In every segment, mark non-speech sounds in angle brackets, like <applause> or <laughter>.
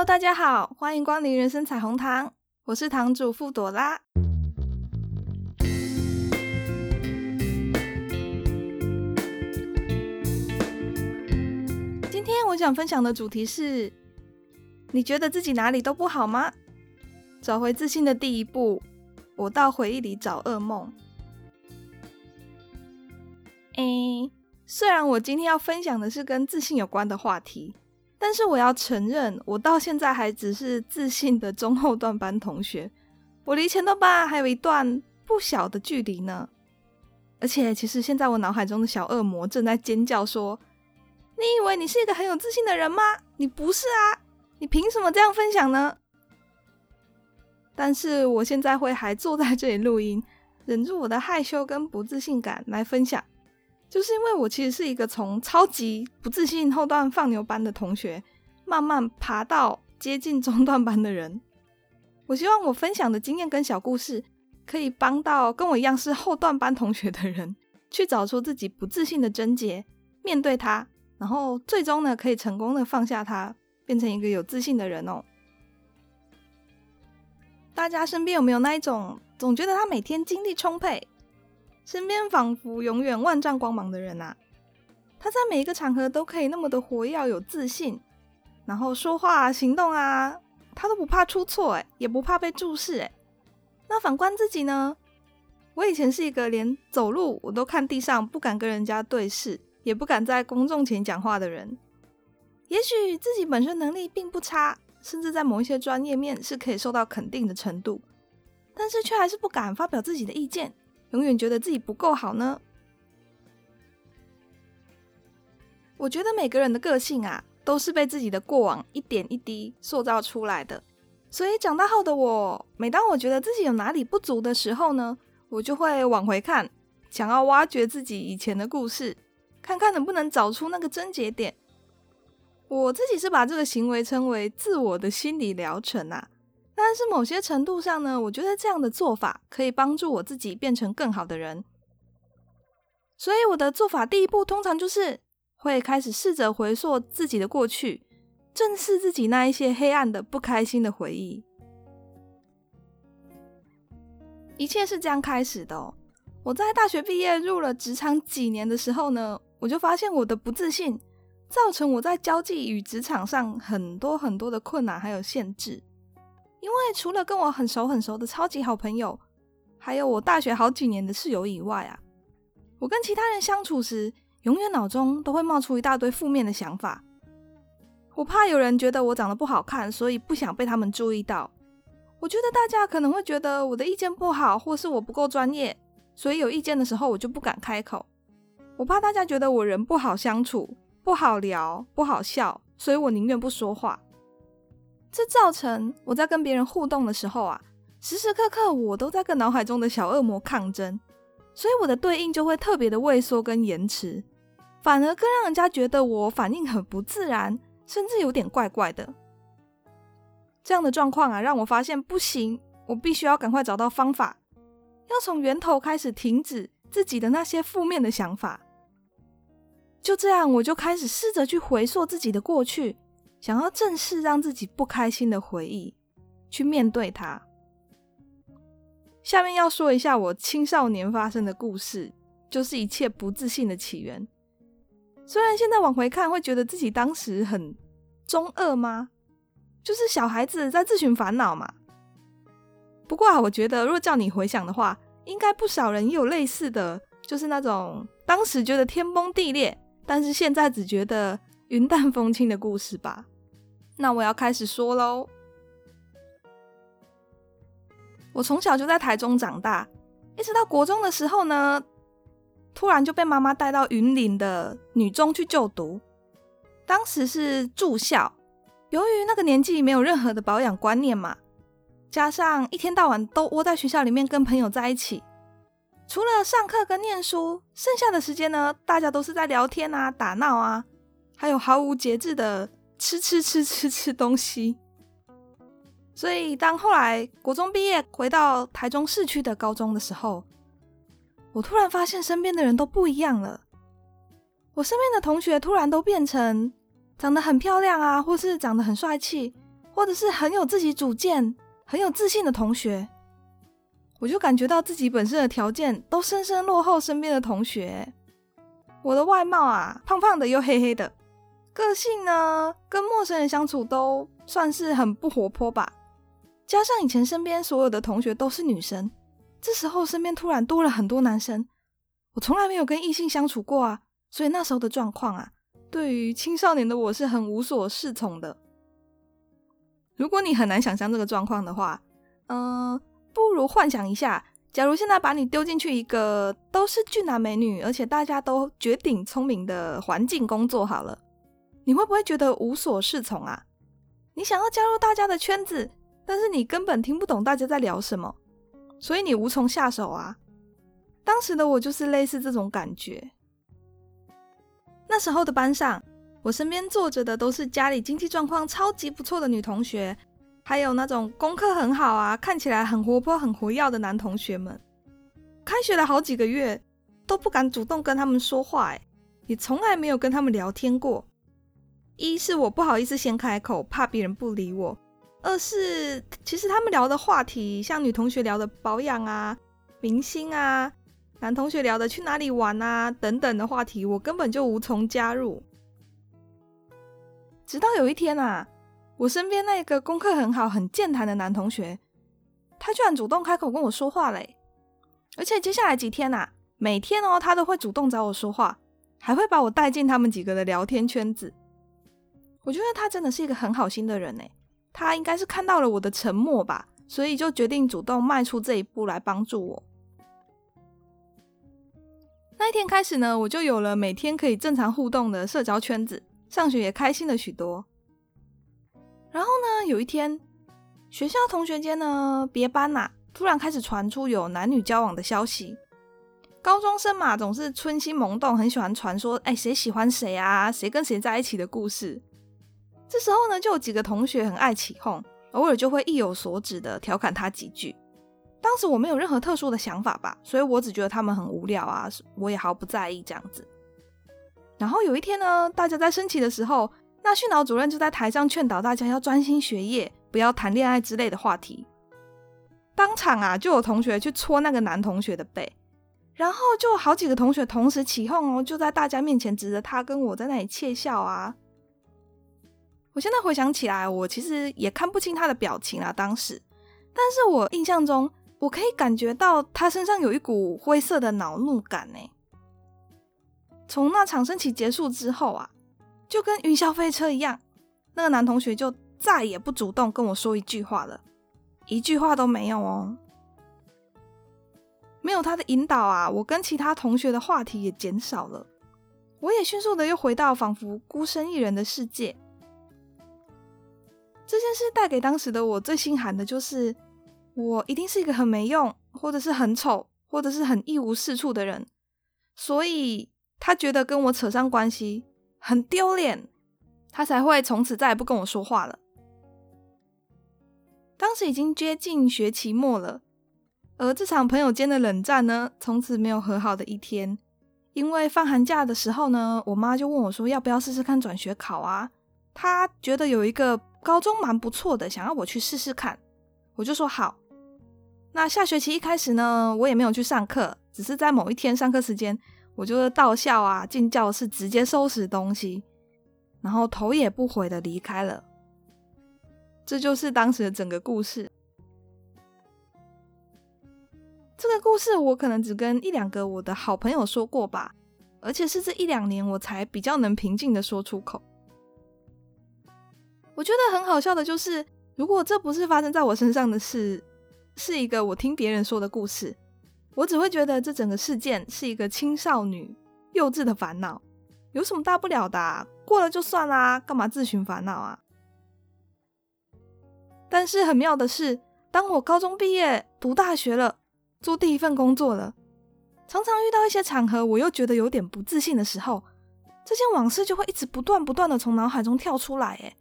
Hello，大家好，歡迎光臨人生彩虹糖，我是堂主傅朵拉。今天我想分享的主題是：你覺得自己哪裡都不好嗎？找回自信的第一步，我到回憶裡找噩夢。哎、欸，雖然我今天要分享的是跟自信有關的話題。但是我要承認，我到現在還只是自信的中後段班同學，我離前段班還有一段不小的距離呢。而且，其實現在我腦海中的小惡魔正在尖叫說：“你以為你是一個很有自信的人嗎？你不是啊！你憑什麼這樣分享呢？”但是我現在還會還坐在這裡錄音，忍住我的害羞跟不自信感來分享。就是因為我其實是一個從超級不自信後段放牛班的同學，慢慢爬到接近中段班的人。我希望我分享的經驗跟小故事，可以幫到跟我一樣是後段班同學的人，去找出自己不自信的症結，面對他，然後最終呢，可以成功的放下他，變成一個有自信的人哦。大家身邊有沒有那一種，總覺得他每天精力充沛？身邊仿佛永遠萬丈光芒的人啊，他在每一個場合都可以那麼的活躍、有自信，然後說話啊、行動啊，他都不怕出錯欸，也不怕被注視欸，那反觀自己呢？我以前是一個連走路我都看地上、不敢跟人家對視、也不敢在公眾前講話的人。也許自己本身能力並不差，甚至在某一些專業面是可以受到肯定的程度，但是卻還是不敢發表自己的意見。永遠覺得自己不夠好呢？我覺得每個人的個性啊，都是被自己的過往一點一滴塑造出來的。所以長大後的我，每當我覺得自己有哪裡不足的時候呢，我就會往回看，想要挖掘自己以前的故事，看看能不能找出那個癥結點。我自己是把這個行為稱為自我的心理療程啊。但是某些程度上呢，我覺得這樣的做法可以幫助我自己變成更好的人。所以我的做法第一步通常就是會開始試着回溯自己的過去，正視自己那一些黑暗的、不開心的回憶。一切是這樣開始的哦。我在大學畢業入了職場幾年的時候呢，我就發現我的不自信，造成我在交際與職場上很多很多的困難還有限制。因為除了跟我很熟很熟的超級好朋友，還有我大學好幾年的室友以外啊，我跟其他人相處時，永遠腦中都會冒出一大堆負面的想法。我怕有人覺得我長得不好看，所以不想被他們注意到。我覺得大家可能會覺得我的意見不好，或是我不夠專業，所以有意見的時候我就不敢開口。我怕大家覺得我人不好相處，不好聊、不好笑，所以我寧願不說話。這造成我在跟別人互動的時候啊，時時刻刻我都在跟腦海中的小惡魔抗爭，所以我的對應就會特別的畏縮跟延遲，反而更讓人家覺得我反應很不自然，甚至有點怪怪的。這樣的狀況啊，讓我發現不行，我必須要趕快找到方法，要從源頭開始停止自己的那些負面的想法。就這樣，我就開始試着去回溯自己的過去。想要正視讓自己不開心的回憶，去面對它。下面要說一下我青少年發生的故事，就是一切不自信的起源。雖然現在往回看，會覺得自己當時很中二嗎？就是小孩子在自尋煩惱嘛。不過啊，我覺得若叫你回想的話，應該不少人也有類似的，就是那種當時覺得天崩地裂，但是現在只覺得。雲淡風輕的故事吧。那我要開始說嘍。我從小就在台中長大，一直到國中的時候呢，突然就被媽媽帶到雲林的女中去就讀。當時是住校，由於那個年紀沒有任何的保養觀念嘛，加上一天到晚都窩在學校裡面跟朋友在一起，除了上課跟念書，剩下的時間呢，大家都是在聊天啊、打鬧啊。還有毫無節制的吃吃吃吃吃東西，所以當後來國中畢業回到台中市區的高中的時候，我突然發現身邊的人都不一樣了。我身邊的同學突然都變成長得很漂亮啊，或是長得很帥氣，或者是很有自己主見、很有自信的同學，我就感覺到自己本身的條件都深深落後身邊的同學。我的外貌啊，胖胖的又黑黑的。個性呢，跟陌生人相處都算是很不活潑吧。加上以前身邊所有的同學都是女生，這時候身邊突然多了很多男生，我從來沒有跟異性相處過啊，所以那時候的狀況啊，對於青少年的我是很無所適從的。如果你很難想象這個狀況的話，嗯、呃，不如幻想一下，假如現在把你丟進去一個都是俊男美女，而且大家都絕頂聰明的環境工作好了。你會不會覺得無所適從啊？你想要加入大家的圈子，但是你根本聽不懂大家在聊什麼，所以你無從下手啊。當時的我就是類似這種感覺。那時候的班上，我身邊坐着的都是家裡經濟狀況超級不錯的女同學，還有那種功課很好啊，看起來很活潑、很活躍的男同學們。開學了好幾個月，都不敢主動跟他們說話，誒，也從來沒有跟他們聊天過。一是我不好意思先開口，怕別人不理我；二是其實他們聊的話題，像女同學聊的保養啊、明星啊，男同學聊的去哪裡玩啊等等的話題，我根本就無從加入。直到有一天啊，我身邊那個功課很好、很健談的男同學，他居然主動開口跟我說話嘞！而且接下來幾天啊，每天哦，他都會主動找我說話，還會把我帶進他們幾個的聊天圈子。我覺得他真的是一個很好心的人。他應該是看到了我的沉默吧，所以就決定主動邁出這一步來幫助我。那一天開始呢，我就有了每天可以正常互動的社交圈子，上學也開心了許多。然後呢，有一天，學校同學間呢，別班吶、啊，突然開始傳出有男女交往的消息。高中生嘛，總是春心萌動，很喜歡傳說，哎，誰喜歡誰啊，誰跟誰在一起的故事。這時候呢，就有幾個同學很愛起鬨，偶爾就會意有所指的調侃他幾句。當時我沒有任何特殊的想法吧，所以我只覺得他們很無聊啊，我也毫不在意這樣子。然後有一天呢，大家在升旗的時候，那訓導主任就在台上勸導大家要專心學業，不要談戀愛之類的話題。當場啊，就有同學去搓那個男同學的背，然後就好幾個同學同時起鬨哦，就在大家面前指着他跟我在那裡竊笑啊。我現在回想起來，我其實也看不清他的表情啊，當時，但是我印象中，我可以感覺到他身上有一股灰色的惱怒感呢。從那場升旗結束之後啊，就跟雲霄飛車一樣，那個男同學就再也不主動跟我說一句話了，一句話都沒有哦。沒有他的引導啊，我跟其他同學的話題也減少了，我也迅速的又回到仿佛孤身一人的世界。這件事帶給當時的我最心寒的就是，我一定是一個很沒用，或者是很醜，或者是很一無是處的人，所以他覺得跟我扯上關係很丟臉，他才會從此再也不跟我說話了。當時已經接近學期末了，而這場朋友間的冷戰呢，從此沒有和好的一天。因為放寒假的時候呢，我媽就問我說要不要試試看轉學考啊？她覺得有一個。高中蠻不錯的，想要我去試試看，我就說好。那下學期一開始呢，我也沒有去上課，只是在某一天上課時間，我就到校啊，進教室直接收拾東西，然後頭也不回的離開了。這就是當時的整個故事。這個故事我可能只跟一兩個我的好朋友說過吧，而且是這一兩年我才比較能平靜的說出口。我覺得很好笑的就是，如果這不是發生在我身上的事，是一個我聽別人說的故事，我只會覺得這整個事件是一個青少女幼稚的煩惱，有什麼大不了的啊，過了就算啦，啊，幹嘛自尋煩惱啊？但是很妙的是，當我高中畢業、讀大學了、做第一份工作了，常常遇到一些場合，我又覺得有點不自信的時候，這件往事就會一直不斷不斷的從腦海中跳出來，誒。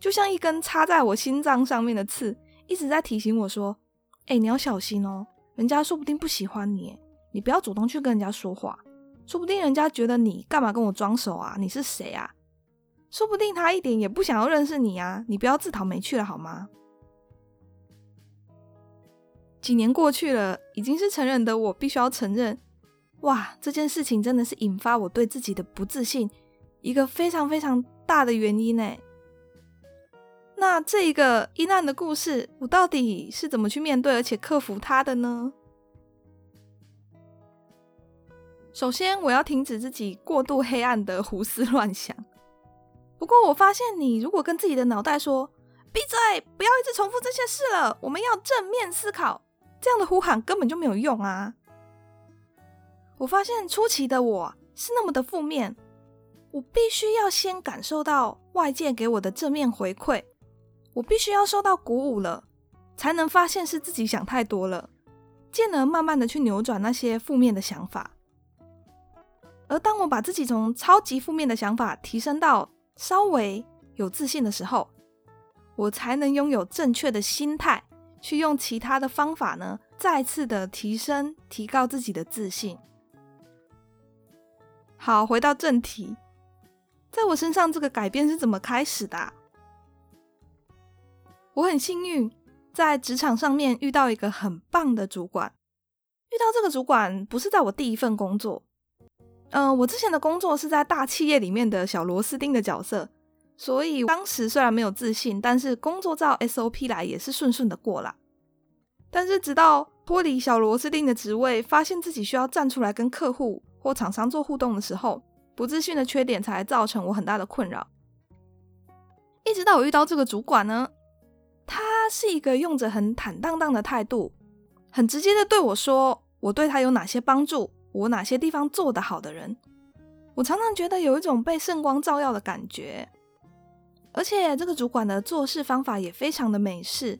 就像一根插在我心臟上面的刺，一直在提醒我說：“誒，你要小心哦，人家說不定不喜歡你，你不要主動去跟人家說話，說不定人家覺得你幹嘛跟我裝熟啊？你是誰啊？說不定他一點也不想要認識你啊！你不要自討沒趣了好嗎？”幾年過去了，已經是承認的我，必須要承認，哇，這件事情真的是引發我對自己的不自信，一個非常非常大的原因呢。那這一個陰暗的故事，我到底是怎麼去面對，而且克服它的呢？首先，我要停止自己過度黑暗的胡思亂想。不過，我發現你如果跟自己的腦袋說“閉嘴，不要一直重複這些事了”，我們要正面思考，這樣的呼喊根本就沒有用啊！我發現初期的我是那麼的負面。我必須要先感受到外界給我的正面回饋。我必須要受到鼓舞了，才能發現是自己想太多了，進而慢慢的去扭轉那些負面的想法。而當我把自己從超級負面的想法提升到稍微有自信的時候，我才能擁有正確的心態，去用其他的方法呢，再次的提升、提高自己的自信。好，回到正題，在我身上這個改變是怎麼開始的啊？我很幸運，在職場上面遇到一個很棒的主管。遇到這個主管不是在我第一份工作，嗯、呃，我之前的工作是在大企業裡面的小螺絲釘的角色，所以當時雖然沒有自信，但是工作照 SOP 來也是順順的過啦。但是直到脫離小螺絲釘的職位，發現自己需要站出來跟客戶或廠商做互動的時候，不自信的缺點才造成我很大的困擾。一直到我遇到這個主管呢。是一個用着很坦蕩蕩的態度，很直接的對我說：“我對他有哪些幫助，我哪些地方做得好的人。”我常常覺得有一種被聖光照耀的感覺。而且這個主管的做事方法也非常的美式，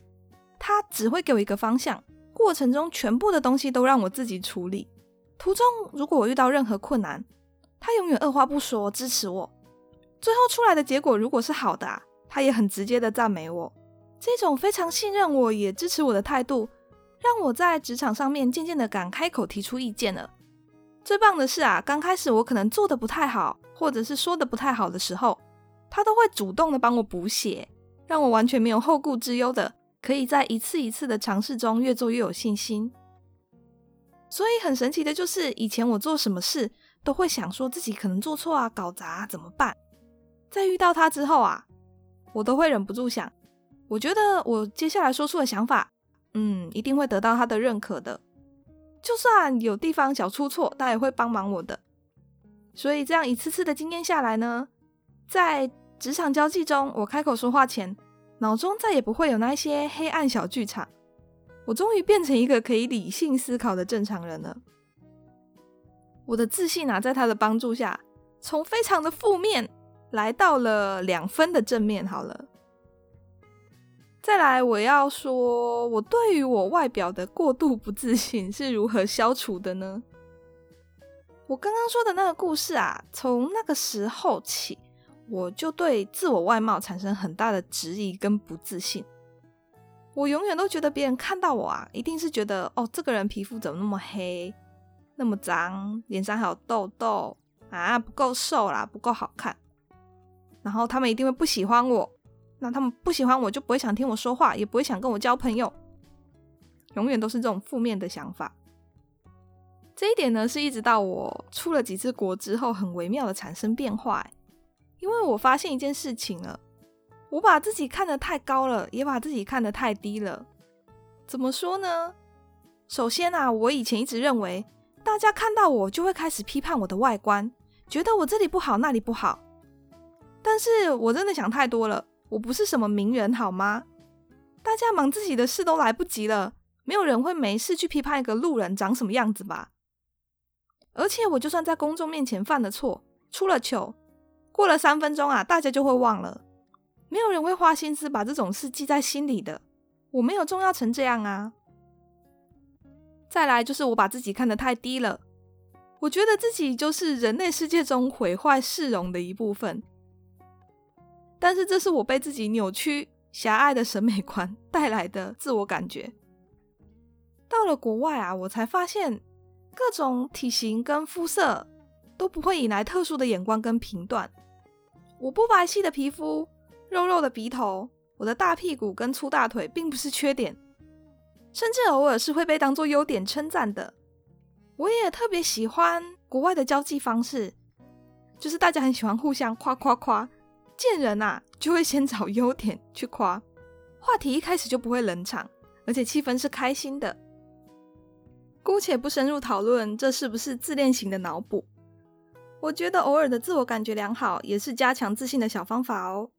他只會給我一個方向，過程中全部的東西都讓我自己處理。途中如果我遇到任何困難，他永遠二話不說支持我。最後出來的結果如果是好的啊，他也很直接的讚美我。這種非常信任我，也支持我的態度，讓我在職場上面漸漸的敢開口提出意見了。最棒的是啊，剛開始我可能做的不太好，或者是說的不太好的時候，他都會主動的幫我補寫，讓我完全沒有後顧之憂的，可以在一次一次的嘗試中越做越有信心。所以很神奇的就是，以前我做什麼事都會想說自己可能做錯啊，搞砸啊，怎麼辦？在遇到他之後啊，我都會忍不住想。我覺得我接下來說出的想法，嗯，一定會得到他的認可的。就算有地方小出錯，他也會幫忙我的。所以這樣一次次的經驗下來呢，在職場交際中，我開口說話前，腦中再也不會有那些黑暗小劇場。我終於變成一個可以理性思考的正常人了。我的自信啊，在他的幫助下，從非常的負面，來到了兩分的正面。好了。再來，我要說，我對於我外表的過度不自信是如何消除的呢？我剛剛說的那個故事啊，從那個時候起，我就對自我外貌產生很大的質疑跟不自信。我永遠都覺得別人看到我啊，一定是覺得哦，這個人皮膚怎麼那麼黑，那麼髒，臉上還有痘痘啊，不夠瘦啦，不夠好看。然後他們一定會不喜歡我。那他們不喜歡我，就不會想聽我說話，也不會想跟我交朋友，永遠都是這種負面的想法。這一點呢，是一直到我出了幾次國之後，很微妙的產生變化，欸。因為我發現一件事情了，我把自己看得太高了，也把自己看得太低了。怎麼說呢？首先啊，我以前一直認為，大家看到我就會開始批判我的外觀，覺得我這裡不好，那裡不好。但是我真的想太多了。我不是什麼名人好嗎？大家忙自己的事都來不及了，沒有人會沒事去批判一個路人長什麼樣子吧？而且我就算在公眾面前犯了錯，出了糗，過了三分鐘啊，大家就會忘了，沒有人會花心思把這種事記在心裡的。我沒有重要成這樣啊！再來就是我把自己看得太低了，我覺得自己就是人類世界中毀壞市容的一部分。但是這是我被自己扭曲狹隘的審美觀帶來的自我感覺。到了國外啊，我才發現，各種體型跟膚色都不會引來特殊的眼光跟評斷。我不白皙的皮膚、肉肉的鼻頭、我的大屁股跟粗大腿並不是缺點，甚至偶爾是會被當做優點稱讚的。我也特別喜歡國外的交際方式，就是大家很喜歡互相誇誇誇。見人啊，就會先找優點去誇，話題一開始就不會冷場，而且氣氛是開心的。姑且不深入討論這是不是自戀型的腦補，我覺得偶爾的自我感覺良好也是加強自信的小方法哦。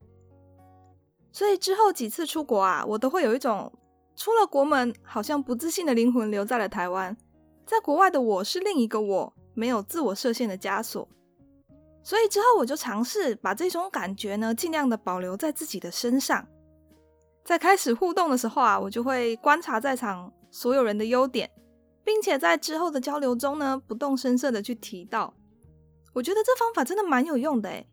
所以之後幾次出國啊，我都會有一種出了國門，好像不自信的靈魂留在了台灣，在國外的我是另一個我，沒有自我設限的枷鎖。所以之後我就嘗試把這種感覺呢，盡量的保留在自己的身上。在開始互動的時候啊，我就會觀察在場所有人的優點，並且在之後的交流中呢，不動聲色的去提到。我覺得這方法真的蠻有用的誒，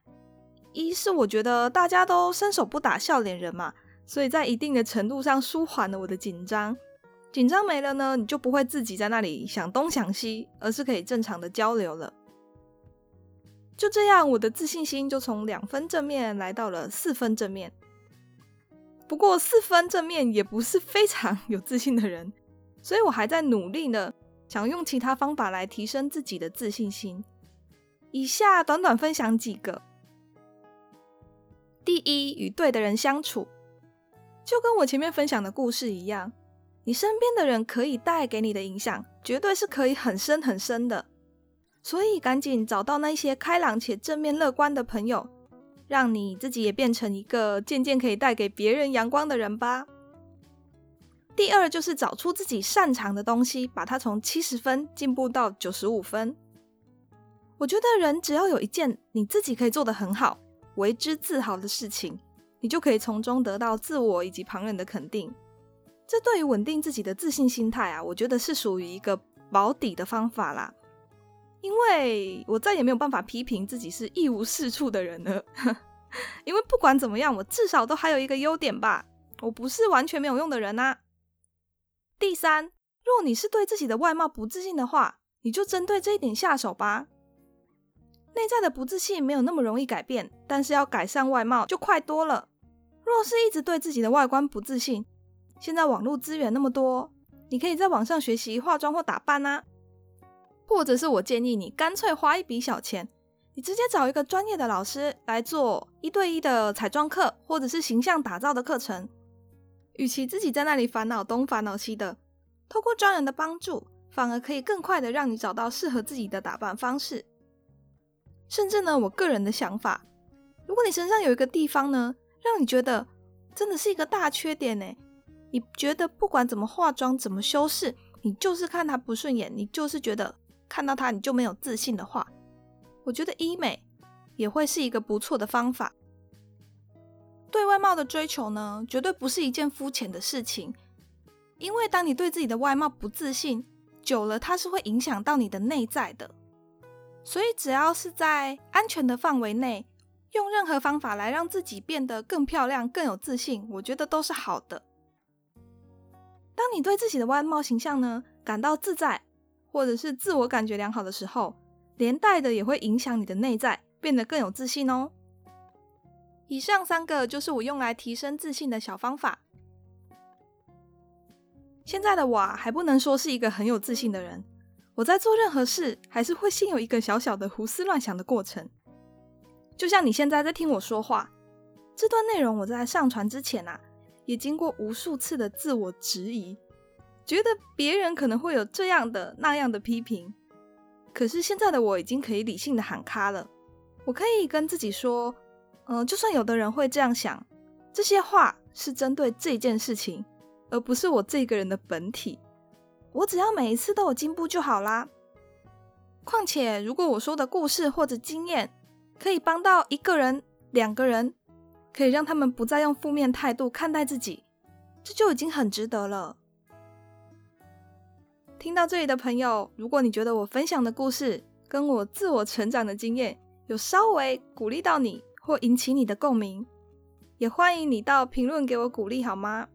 一是我覺得大家都伸手不打笑臉人嘛，所以在一定的程度上舒緩了我的緊張。緊張沒了呢，你就不會自己在那裡想東想西，而是可以正常的交流了。就這樣，我的自信心就從兩分正面來到了四分正面。不過四分正面也不是非常有自信的人，所以我還在努力呢，想用其他方法來提升自己的自信心。以下短短分享幾個：第一，與對的人相處，就跟我前面分享的故事一樣，你身邊的人可以帶給你的影響，絕對是可以很深很深的。所以趕緊找到那些開朗且正面樂觀的朋友，讓你自己也變成一個漸漸可以帶給別人陽光的人吧。第二就是找出自己擅長的東西，把它從七十分進步到九十五分。我覺得人只要有一件你自己可以做得很好、為之自豪的事情，你就可以從中得到自我以及旁人的肯定。這對於穩定自己的自信心態啊，我覺得是屬於一個保底的方法啦。因為我再也沒有辦法批評自己是一無是處的人了， <laughs> 因為不管怎麼樣，我至少都還有一個優點吧，我不是完全沒有用的人啊。第三，若你是對自己的外貌不自信的話，你就針對這一點下手吧。內在的不自信沒有那麼容易改變，但是要改善外貌就快多了。若是一直對自己的外觀不自信，現在網絡資源那麼多，你可以在網上學習化妝或打扮啊。或者是我建議你乾脆花一筆小錢，你直接找一個專業的老師來做一對一的彩妝課，或者是形象打造的課程。與其自己在那裡煩惱東煩惱西的，透過專人的幫助，反而可以更快的讓你找到適合自己的打扮方式。甚至呢，我個人的想法，如果你身上有一個地方呢，讓你覺得真的是一個大缺點欸，你覺得不管怎麼化妝，怎麼修飾，你就是看它不順眼，你就是覺得。看到他你就沒有自信的話，我覺得醫美也會是一個不錯的方法。對外貌的追求呢，絕對不是一件膚淺的事情，因為當你對自己的外貌不自信，久了它是會影響到你的內在的。所以只要是在安全的範圍內，用任何方法來讓自己變得更漂亮、更有自信，我覺得都是好的。當你對自己的外貌形象呢，感到自在，或者是自我感覺良好的時候，連帶的也會影響你的內在，變得更有自信哦。以上三個就是我用來提升自信的小方法。現在的我啊，還不能說是一個很有自信的人，我在做任何事還是會先有一個小小的胡思亂想的過程。就像你現在在聽我說話，這段內容我在上傳之前啊，也經過無數次的自我質疑。覺得別人可能會有這樣的、那樣的批評，可是現在的我已經可以理性的喊卡了。我可以跟自己說，嗯、呃，就算有的人會這樣想，這些話是針對這件事情，而不是我這個人的本體。我只要每一次都有進步就好啦。況且，如果我說的故事或者經驗可以幫到一個人、兩個人，可以讓他們不再用負面態度看待自己，這就已經很值得了。聽到這裡的朋友，如果你覺得我分享的故事跟我自我成長的經驗有稍微鼓勵到你或引起你的共鳴，也歡迎你到評論給我鼓勵好嗎？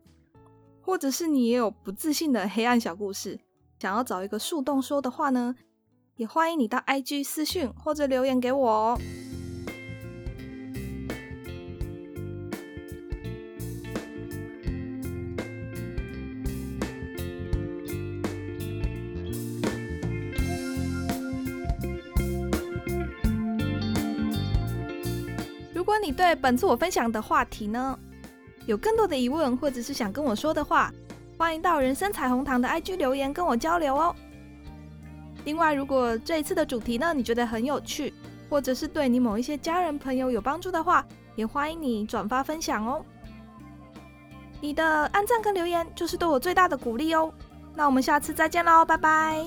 或者是你也有不自信的黑暗小故事，想要找一個樹洞說的話呢，也歡迎你到 IG 私訊或者留言給我哦。你對本次我分享的話題呢，有更多的疑問或者是想跟我說的話，歡迎到人生彩虹糖的 IG 留言跟我交流哦。另外，如果這一次的主題呢，你覺得很有趣，或者是對你某一些家人朋友有幫助的話，也歡迎你轉發分享哦。你的按讚跟留言就是對我最大的鼓勵哦。那我們下次再見嘍，拜拜。